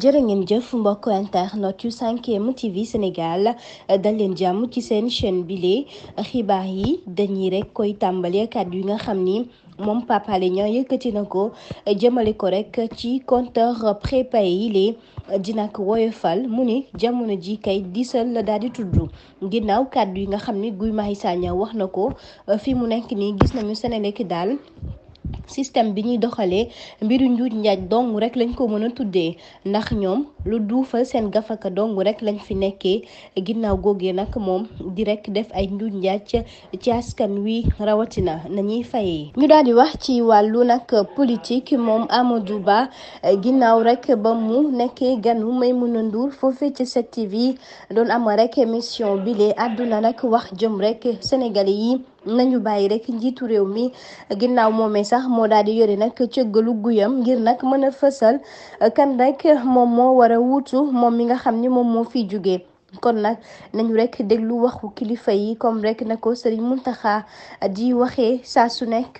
jërë ngeen jëf mbokk internet yu 5M TV Sénégal eh, dal leen jàmm ci seen chaîne bile eh, xibaar yi dañuy rek koy tàmbale kàddu yi nga xam ni moom Pape Alé Niang yëkkati na ko eh, jëmale ko rek ci compteur prépayé yi lee dina ko woyofal mu ni jamono ji kay diisal la daal di tudd ginnaaw kàddu yi nga xam ni Guy Marius Sagna wax na ko fi mu nekk ni gis nañu Senelec daal. système bi ñuy doxalee mbiru njuuj njaaj dong rek lañ ko mën a tuddee ndax ñoom lu duufal seen gafaka dong rek lañ fi nekkee ginnaaw googee nag moom di rek def ay njuuj njaaj ci askan wi rawatina nañuy fayee. ñu daal di wax ci wàllu nag politique moom Amadou Ba ginnaaw rek ba mu nekkee ganu may Maimouna Ndour foofee ci 7TV doon ama rek émission bile àdduna nag wax jëm rek Sénégalais yi. nañu bàyyi rek njiitu réew mi ginnaaw moomee sax moo daal di yore nag cëggalu guyam ngir nag mën a fësal kan rek moom moo war a wuutu moom mi nga xam ni moom moo fi jugee kon nag nañu rek déglu waxu kilifa yi comme rek na ko sëriñ Serigne Mountakha di waxee saa su nekk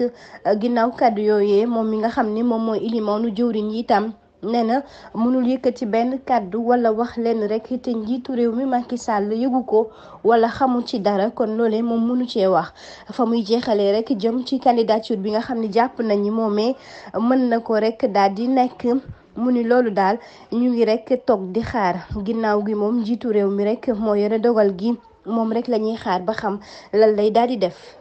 ginnaaw kàdd yooyee moom mi nga xam ni moom mooy ilimaanu jëwriñ yi itam. nee na mënul yëkkati benn kàddu wala wax lenn rek te njiitu réew mi Macky sàll yëgu ko wala xamu ci dara kon loolee moom mënu cee wax fa muy jeexalee rek jëm ci candidature bi nga xam ni jàpp nañu moomee mën na ko rek daal di nekk mu ni loolu daal ñu ngi rek toog di xaar ginnaaw gi moom njiitu réew mi rek moo yore dogal gi moom rek la ñuy xaar ba xam lan lay daal di def.